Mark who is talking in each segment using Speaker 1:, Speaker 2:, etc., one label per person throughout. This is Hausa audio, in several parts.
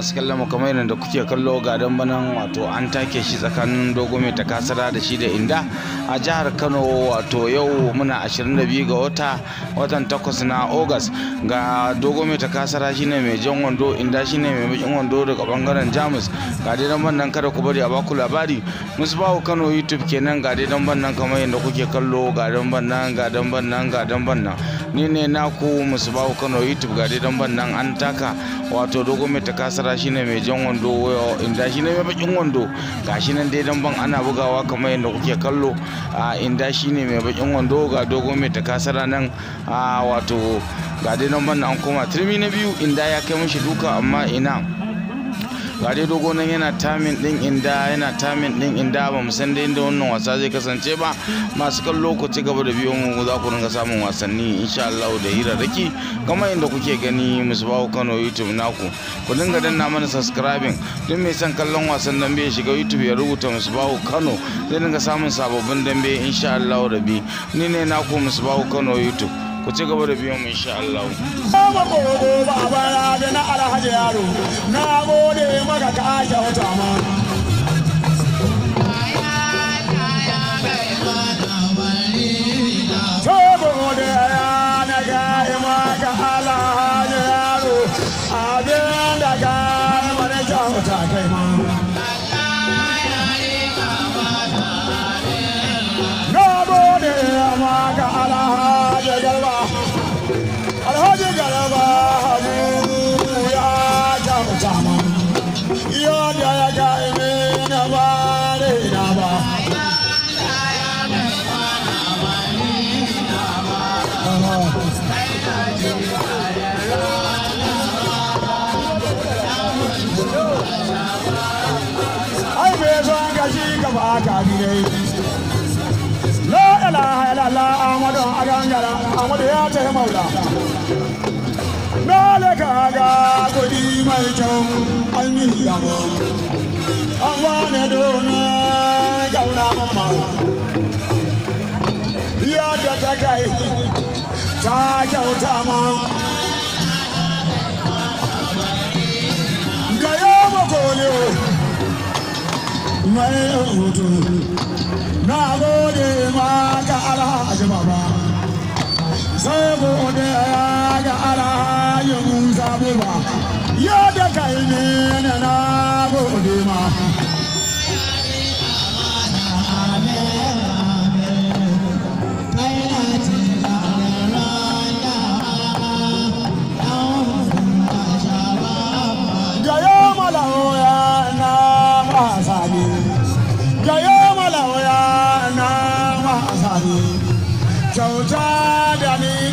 Speaker 1: masu kallon mu kamar yadda kuke kallo ga banan wato an take shi tsakanin dogo mai kasara da shi da inda a jihar kano wato yau muna 22 ga wata watan 8 na august ga dogo mai kasara shine mai jan wando inda shine mai bakin wando daga bangaren jamus ga dai damban kada ku bari a baku labari musbahu kano youtube kenan ga dai damban kamar yadda kuke kallo ga damban gadon ga gadon banan ga ni ne na musu musubahu kano youtube ga dai ban nan an taka wato dogon mai ta shi shine mai jan wando inda shine mai bakin wando ga shi nan dai ban ana bugawa kamar yadda kuke kallo inda shine mai bakin wando ga dogon mai ta kasara nan wato ga dai ban nan an koma turmi na biyu inda ya kai mishi duka amma ina gari dai nan yana tamin din inda yana tamin din inda ba mu san dai inda wannan wasa zai kasance ba masu kallo ku ci gaba da biyo mu za ku ringa samun wasanni insha Allah da hirarraki kamar inda kuke gani musu bawo Kano YouTube naku ku dinga danna mana subscribing duk mai son kallon wasan dambe ya shiga YouTube ya rubuta musu bawo Kano zai dinga samun sababbin dambe insha Allah rabi ni ne naku bawo Kano YouTube ku ci gaba da biyan mu insha Allah
Speaker 2: ba ko ba bara da na alhaji yaro na gode maka ka aisha wata ma kabile la ya ce dole ka kudi mai kyau an yi ya da ta kai ta kyauta ma mai hoto na gode ma ga alhaji baba sai gode ga alhaji musa baba ya da kai ne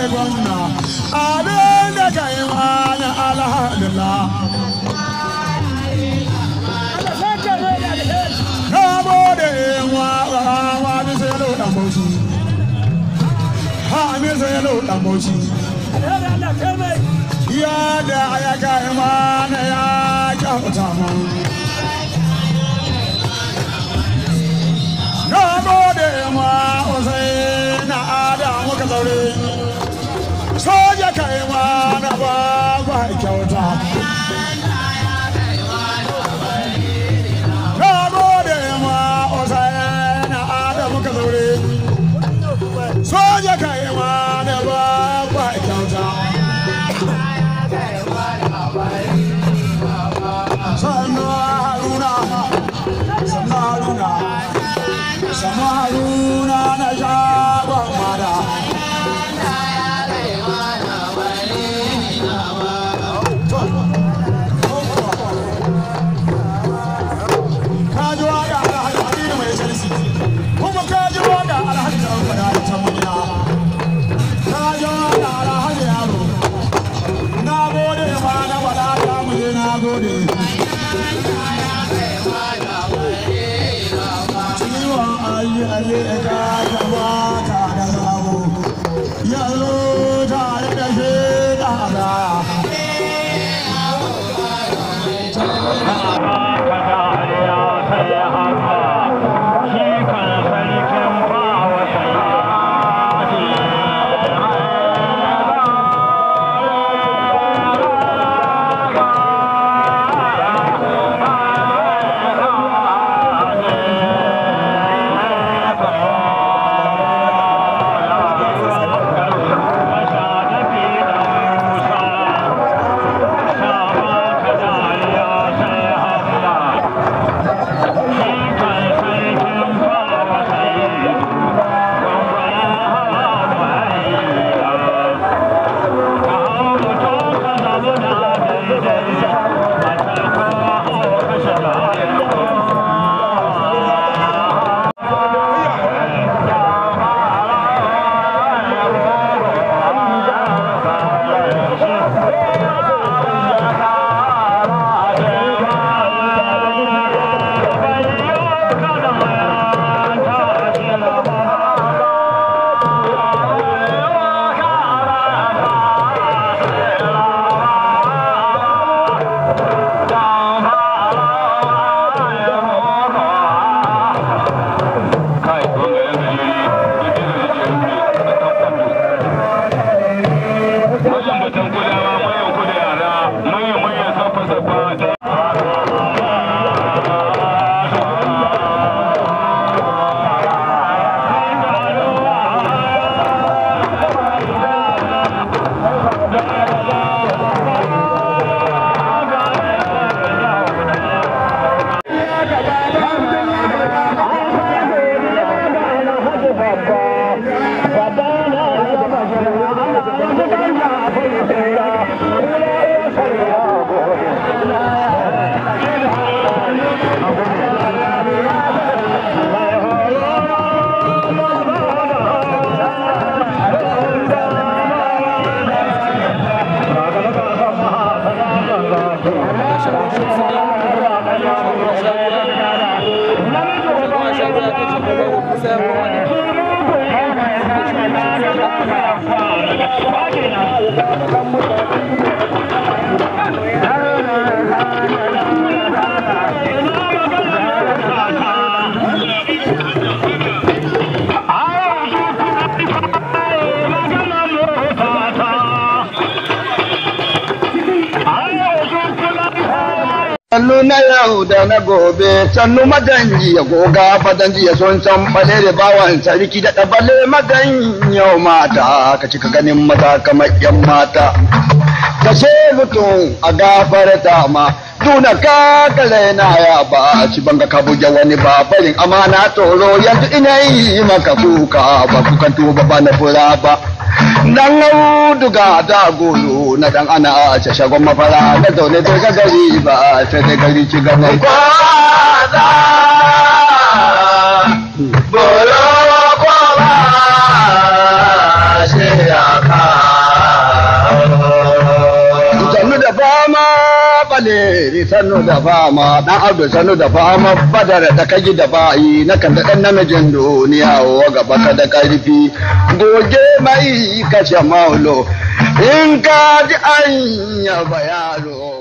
Speaker 2: kai gwamna abin da kai wani alhamdulillah na gode wa ya da ya kai mana ya kyauta mu na gode ma wasai na adamu ka zaure Hare da Awesome. na yau da na gobe sannu maganji ya goga fadanji ya son can bale da bawan sarki da ɗabale magan yau mata ka cika ganin maza kamar yan mata ka ce mutum a ta ma tuna ka na ya ba ci banga ka buge wani ba barin amana tsoro yanzu ina yi maka kuka ba kukan tuba ba na fura ba dan duga da golo na dan ana a ce shagon mafara na zaune to ga gari ba a ce da gari ci gaba ko za bolo ko ba ya ka. sanu da fama bale sanu da fama dan abdu sanu da fama badara da kaji da yi na kan da dan namijin duniya wa gaba ka da karfi goge mai kace maulo in ka ji an yaba yaro